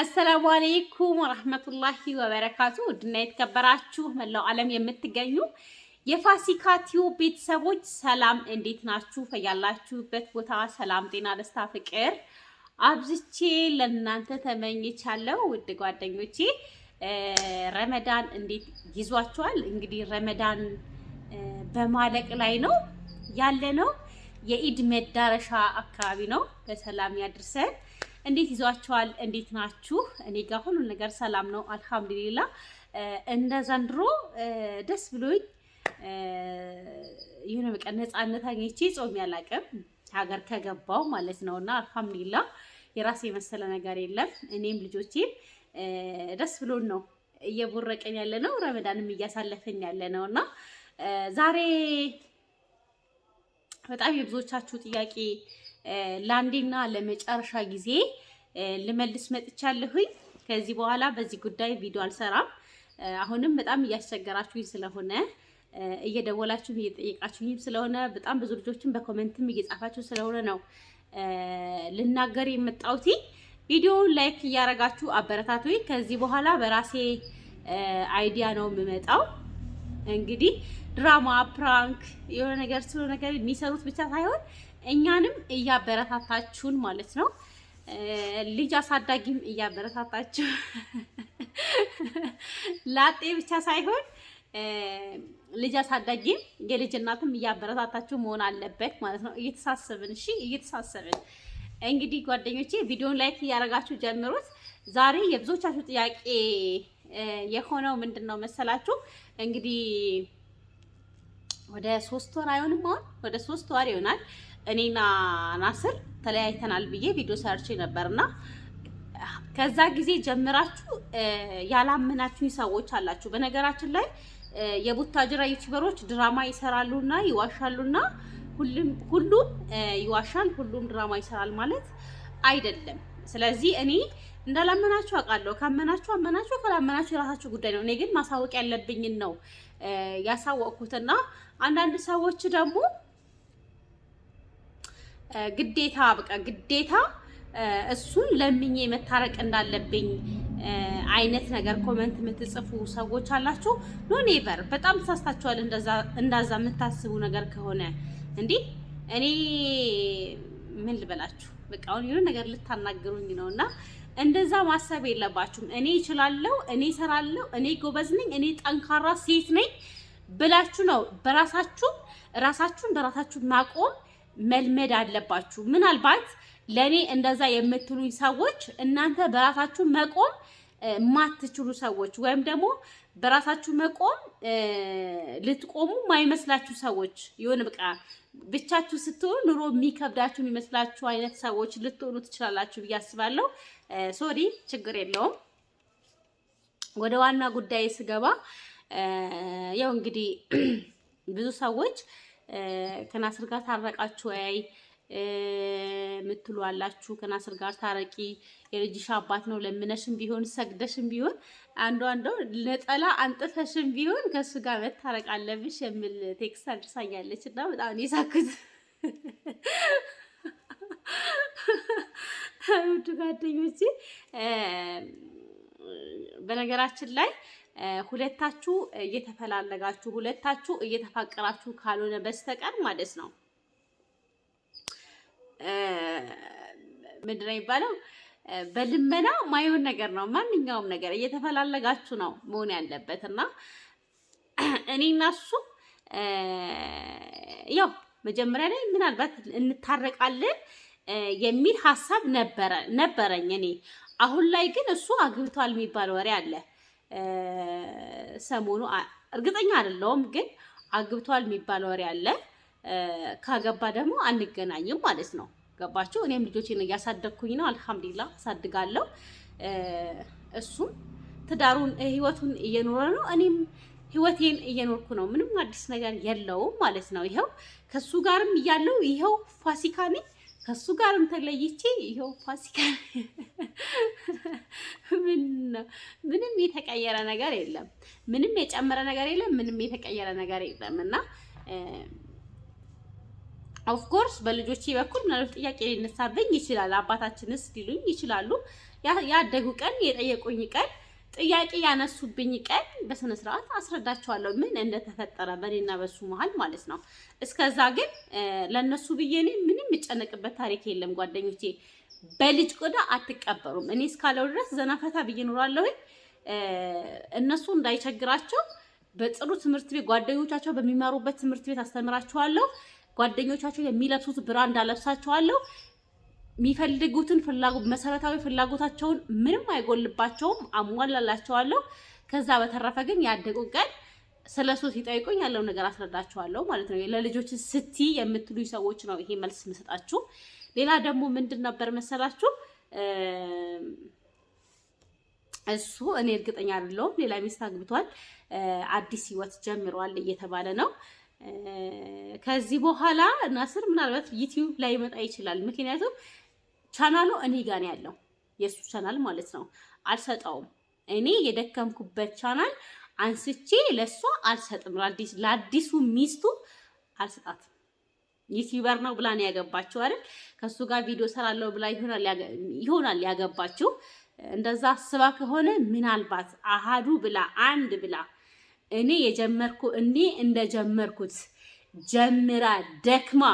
አሰላሙ አሌይኩም ወረህመቱላሂ ወበረካቱ። ውድና የተከበራችሁ መላው ዓለም የምትገኙ የፋሲካ ቲዩብ ቤተሰቦች ሰላም፣ እንዴት ናችሁ? ያላችሁበት ቦታ ሰላም፣ ጤና፣ ደስታ፣ ፍቅር አብዝቼ ለእናንተ ተመኝቻለሁ። ውድ ጓደኞቼ ረመዳን እንዴት ይዟችኋል? እንግዲህ ረመዳን በማለቅ ላይ ነው ያለ ነው። የኢድ መዳረሻ አካባቢ ነው። በሰላም ያድርሰን። እንዴት ይዟቸዋል? እንዴት ናችሁ? እኔ ጋር ሁሉ ነገር ሰላም ነው፣ አልሐምዱሊላ። እንደ ዘንድሮ ደስ ብሎኝ የሆነ በቃ ነፃነት አግኝቼ ጾም ያላቅም ሀገር ከገባው ማለት ነው እና አልሐምዱሊላ የራሴ የመሰለ ነገር የለም። እኔም ልጆቼም ደስ ብሎን ነው እየቦረቀን ያለ ነው፣ ረመዳንም እያሳለፍን ያለ ነው እና ዛሬ በጣም የብዙዎቻችሁ ጥያቄ ለአንዴና ለመጨረሻ ጊዜ ልመልስ መጥቻለሁኝ። ከዚህ በኋላ በዚህ ጉዳይ ቪዲዮ አልሰራም። አሁንም በጣም እያስቸገራችሁኝ ስለሆነ እየደወላችሁም እየጠየቃችሁኝም ስለሆነ በጣም ብዙ ልጆችም በኮመንትም እየጻፋችሁ ስለሆነ ነው ልናገር የመጣሁት። ቪዲዮውን ላይክ እያረጋችሁ አበረታቱኝ። ከዚህ በኋላ በራሴ አይዲያ ነው የምመጣው። እንግዲህ ድራማ፣ ፕራንክ የሆነ ነገር ስለሆነ ነገር የሚሰሩት ብቻ ሳይሆን እኛንም እያበረታታችሁን ማለት ነው። ልጅ አሳዳጊም እያበረታታችሁ ላጤ ብቻ ሳይሆን ልጅ አሳዳጊም የልጅ እናትም እያበረታታችሁ መሆን አለበት ማለት ነው። እየተሳሰብን እሺ፣ እየተሳሰብን እንግዲህ ጓደኞቼ ቪዲዮን ላይክ እያደረጋችሁ ጀምሩት። ዛሬ የብዙዎቻችሁ ጥያቄ የሆነው ምንድን ነው መሰላችሁ እንግዲህ ወደ ሶስት ወር አይሆንም፣ አሁን ወደ ሶስት ወር ይሆናል። እኔና ናስር ተለያይተናል ብዬ ቪዲዮ ሰርች ነበርና ከዛ ጊዜ ጀምራችሁ ያላመናችሁኝ ሰዎች አላችሁ። በነገራችን ላይ የቡታጅራ ዩቲዩበሮች ድራማ ይሰራሉና ይዋሻሉና ሁሉም ይዋሻል፣ ሁሉም ድራማ ይሰራል ማለት አይደለም። ስለዚህ እኔ እንዳላመናችሁ አውቃለሁ። ካመናችሁ አመናችሁ፣ ካላመናችሁ የራሳችሁ ጉዳይ ነው። እኔ ግን ማሳወቅ ያለብኝን ነው ያሳወቅኩትና አንዳንድ ሰዎች ደግሞ ግዴታ በቃ ግዴታ እሱን ለምኜ መታረቅ እንዳለብኝ አይነት ነገር ኮመንት የምትጽፉ ሰዎች አላችሁ። ኖ ኔቨር፣ በጣም ተሳስታችኋል። እንዳዛ የምታስቡ ነገር ከሆነ እንዴ እኔ ምን ልበላችሁ በቃ አሁን የሆነ ነገር ልታናግሩኝ ነው እና እንደዛ ማሰብ የለባችሁም። እኔ እችላለሁ፣ እኔ እሰራለሁ፣ እኔ ጎበዝ ነኝ፣ እኔ ጠንካራ ሴት ነኝ ብላችሁ ነው በራሳችሁ ራሳችሁን በራሳችሁ ማቆም መልመድ አለባችሁ። ምናልባት ለእኔ እንደዛ የምትሉኝ ሰዎች እናንተ በራሳችሁ መቆም የማትችሉ ሰዎች ወይም ደግሞ በራሳችሁ መቆም ልትቆሙ ማይመስላችሁ ሰዎች የሆነ በቃ ብቻችሁ ስትሆኑ ኑሮ የሚከብዳችሁ የሚመስላችሁ አይነት ሰዎች ልትሆኑ ትችላላችሁ ብዬ አስባለሁ። ሶሪ ችግር የለውም። ወደ ዋና ጉዳይ ስገባ ያው እንግዲህ ብዙ ሰዎች ከናስር ጋር ታረቃችሁ ወይ ምትሉ አላችሁ። ከናስር ጋር ታረቂ፣ የልጅሽ አባት ነው፣ ለምነሽም ቢሆን ሰግደሽም ቢሆን አንዱ አንዱ ነጠላ አንጥፈሽም ቢሆን ከእሱ ጋር መታረቅ አለብሽ የሚል ቴክስት አድርሳኛለች እና በጣም የሳኩት ውድ ጓደኞቼ በነገራችን ላይ ሁለታችሁ እየተፈላለጋችሁ ሁለታችሁ እየተፋቀራችሁ ካልሆነ በስተቀር ማለት ነው ምንድን ነው የሚባለው? በልመና ማይሆን ነገር ነው። ማንኛውም ነገር እየተፈላለጋችሁ ነው መሆን ያለበት እና እኔ እና እሱ ያው መጀመሪያ ላይ ምናልባት እንታረቃለን የሚል ሀሳብ ነበረ ነበረኝ እኔ። አሁን ላይ ግን እሱ አግብቷል የሚባል ወሬ አለ ሰሞኑ፣ እርግጠኛ አይደለሁም ግን አግብቷል የሚባል ወሬ አለ። ካገባ ደግሞ አንገናኝም ማለት ነው። ገባችሁ? እኔም ልጆቼን እያሳደግኩኝ ነው። አልሐምዱሊላ አሳድጋለሁ። እሱም ትዳሩን ህይወቱን እየኖረ ነው። እኔም ህይወቴን እየኖርኩ ነው። ምንም አዲስ ነገር የለውም ማለት ነው። ይኸው ከሱ ጋርም እያለው ይኸው ፋሲካ ነኝ ከሱ ጋርም ተለይቼ ይኸው ፋሲካ ምን ምንም የተቀየረ ነገር የለም። ምንም የጨመረ ነገር የለም። ምንም የተቀየረ ነገር የለም እና ኦፍኮርስ በልጆቼ በኩል ምናልባት ጥያቄ ሊነሳብኝ ይችላል። አባታችንስ ሊሉኝ ይችላሉ። ያደጉ ቀን የጠየቁኝ ቀን ጥያቄ ያነሱብኝ ቀን በስነ ስርዓት አስረዳቸዋለሁ፣ ምን እንደተፈጠረ በእኔና በሱ መሀል ማለት ነው። እስከዛ ግን ለእነሱ ብዬ እኔ ምንም የጨነቅበት ታሪክ የለም። ጓደኞቼ በልጅ ቆዳ አትቀበሩም። እኔ እስካለው ድረስ ዘናፈታ ብዬ እኖራለሁኝ። እነሱ እንዳይቸግራቸው በጥሩ ትምህርት ቤት ጓደኞቻቸው በሚማሩበት ትምህርት ቤት አስተምራቸዋለሁ። ጓደኞቻቸው የሚለብሱት ብራንድ አለብሳቸዋለሁ። የሚፈልጉትን ፍላጎት መሰረታዊ ፍላጎታቸውን ምንም አይጎልባቸውም፣ አሟላላቸዋለሁ። ከዛ በተረፈ ግን ያደጉ ቀን ስለ እሱ ሲጠይቁኝ ያለው ነገር አስረዳቸዋለሁ ማለት ነው። ለልጆች ስቲ የምትሉኝ ሰዎች ነው ይሄ መልስ የምሰጣችሁ። ሌላ ደግሞ ምንድን ነበር መሰላችሁ እሱ እኔ እርግጠኛ አይደለሁም ሌላ ሚስት አግብቷል፣ አዲስ ህይወት ጀምሯል እየተባለ ነው። ከዚህ በኋላ ናስር ምናልባት ዩቲዩብ ላይ መጣ ይችላል። ምክንያቱም ቻናሉ እኔ ጋር ነው ያለው፣ የእሱ ቻናል ማለት ነው። አልሰጠውም። እኔ የደከምኩበት ቻናል አንስቼ ለእሷ አልሰጥም። ለአዲሱ ሚስቱ አልሰጣትም። ዩቲዩበር ነው ብላ ነው ያገባችው አይደል? ከእሱ ጋር ቪዲዮ ሰራለው ብላ ይሆናል ያገባችው። እንደዛ አስባ ከሆነ ምናልባት አሃዱ ብላ አንድ ብላ እኔ የጀመርኩ እኔ እንደጀመርኩት ጀምራ ደክማ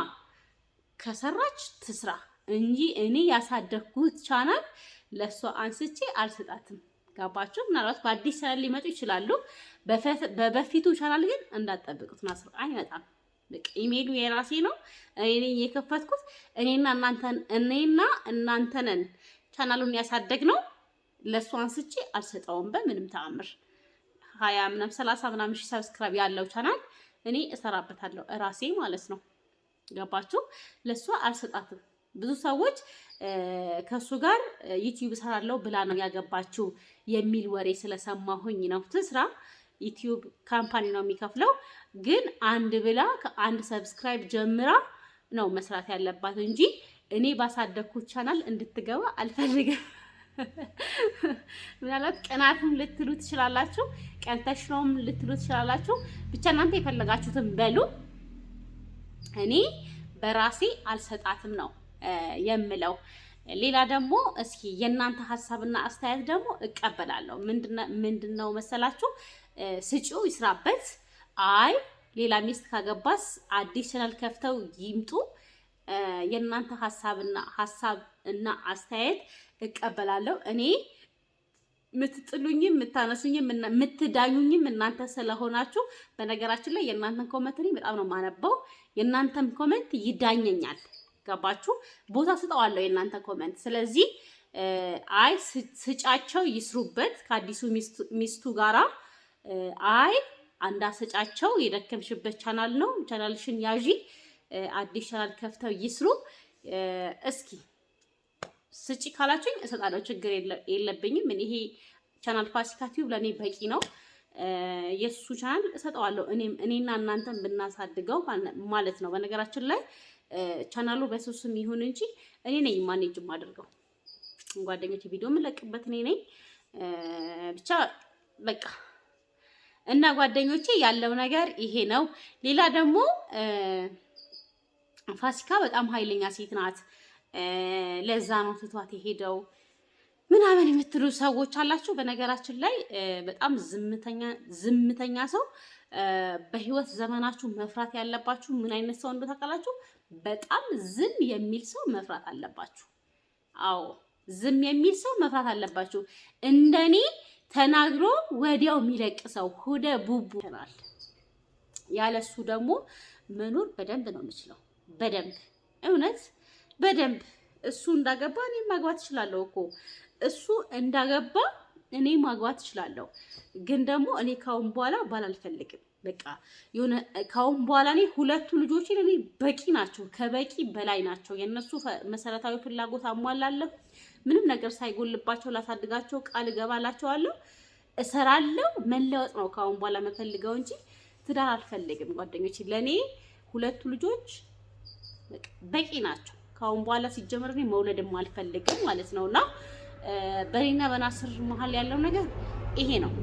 ከሰራች ትስራ እንጂ እኔ ያሳደግኩት ቻናል ለእሷ አንስቼ አልሰጣትም። ገባችሁ? ምናልባት በአዲስ ቻናል ሊመጡ ይችላሉ። በበፊቱ ቻናል ግን እንዳጠብቁት ናስር አይመጣም። ኢሜሉ የራሴ ነው፣ እኔ የከፈትኩት እኔና እናንተን እኔና እናንተንን ቻናሉን ያሳደግ ነው። ለእሱ አንስቼ አልሰጠውም በምንም ተአምር። ሀያ ምናምን ሰላሳ ምናምን ሺህ ሰብስክራይብ ያለው ቻናል እኔ እሰራበታለሁ እራሴ ማለት ነው። ገባችሁ? ለእሷ አልሰጣትም። ብዙ ሰዎች ከእሱ ጋር ዩትዩብ እሰራለሁ ብላ ነው ያገባችው የሚል ወሬ ስለሰማሁኝ ነው። ትስራ ዩትዩብ ካምፓኒ ነው የሚከፍለው፣ ግን አንድ ብላ ከአንድ ሰብስክራይብ ጀምራ ነው መስራት ያለባት እንጂ እኔ ባሳደግኩት ቻናል እንድትገባ አልፈልግም። ምናልባት ቅናትም ልትሉ ትችላላችሁ፣ ቀንተሽ ነውም ልትሉ ትችላላችሁ። ብቻ እናንተ የፈለጋችሁትን በሉ። እኔ በራሴ አልሰጣትም ነው የምለው። ሌላ ደግሞ እስኪ የእናንተ ሀሳብና አስተያየት ደግሞ እቀበላለሁ። ምንድን ነው መሰላችሁ ስጪው ይስራበት። አይ ሌላ ሚስት ካገባስ አዲስ ቻናል ከፍተው ይምጡ። የእናንተ ሀሳብና ሀሳብ እና አስተያየት እቀበላለሁ። እኔ የምትጥሉኝም የምታነሱኝም የምትዳኙኝም እናንተ ስለሆናችሁ፣ በነገራችን ላይ የእናንተን ኮመንት እኔ በጣም ነው የማነበው። የእናንተን ኮመንት ይዳኘኛል። ገባችሁ? ቦታ ስጠዋለሁ የእናንተ ኮመንት። ስለዚህ አይ ስጫቸው ይስሩበት ከአዲሱ ሚስቱ ጋራ አይ አንዳ ስጫቸው የደከምሽበት ቻናል ነው። ቻናልሽን ያዢ አዲስ ቻናል ከፍተው ይስሩ እስኪ ስጪ ካላችሁኝ እሰጣለሁ። ችግር የለብኝም። ምን ይሄ ቻናል ፋሲካ ቲዩብ ለእኔ በቂ ነው። የእሱ ቻናል እሰጠዋለሁ። እኔም እኔና እናንተን ብናሳድገው ማለት ነው። በነገራችን ላይ ቻናሉ በሱስም ይሁን እንጂ እኔ ነኝ ማኔጅ አድርገው ጓደኞች፣ ቪዲዮ የምለቅበት እኔ ነኝ ብቻ በቃ እና ጓደኞቼ ያለው ነገር ይሄ ነው። ሌላ ደግሞ ፋሲካ በጣም ኃይለኛ ሴት ናት። ለዛ ነው ትቷት የሄደው ምናምን የምትሉ ሰዎች አላችሁ። በነገራችን ላይ በጣም ዝምተኛ ዝምተኛ ሰው በህይወት ዘመናችሁ መፍራት ያለባችሁ ምን አይነት ሰው እንደሆነ በጣም ዝም የሚል ሰው መፍራት አለባችሁ። አዎ ዝም የሚል ሰው መፍራት አለባችሁ። እንደኔ ተናግሮ ወዲያው የሚለቅ ሰው ሆደ ቡቡ ይሆናል ያለሱ ደግሞ መኖር በደንብ ነው የምችለው፣ በደንብ እውነት በደንብ እሱ እንዳገባ እኔ ማግባት እችላለሁ እኮ እሱ እንዳገባ እኔ ማግባት እችላለሁ። ግን ደግሞ እኔ ካሁን በኋላ ባል አልፈልግም። በቃ የሆነ ካሁን በኋላ እኔ ሁለቱ ልጆች እኔ በቂ ናቸው፣ ከበቂ በላይ ናቸው። የእነሱ መሰረታዊ ፍላጎት አሟላለሁ። ምንም ነገር ሳይጎልባቸው ላሳድጋቸው ቃል እገባላቸዋለሁ። እሰራለሁ። መለወጥ ነው ካሁን በኋላ መፈልገው እንጂ ትዳር አልፈልግም። ጓደኞች፣ ለእኔ ሁለቱ ልጆች በቂ ናቸው። ከአሁን በኋላ ሲጀመር እኔ መውለድም አልፈልግም ማለት ነውና በእኔና በናስር መሀል ያለው ነገር ይሄ ነው።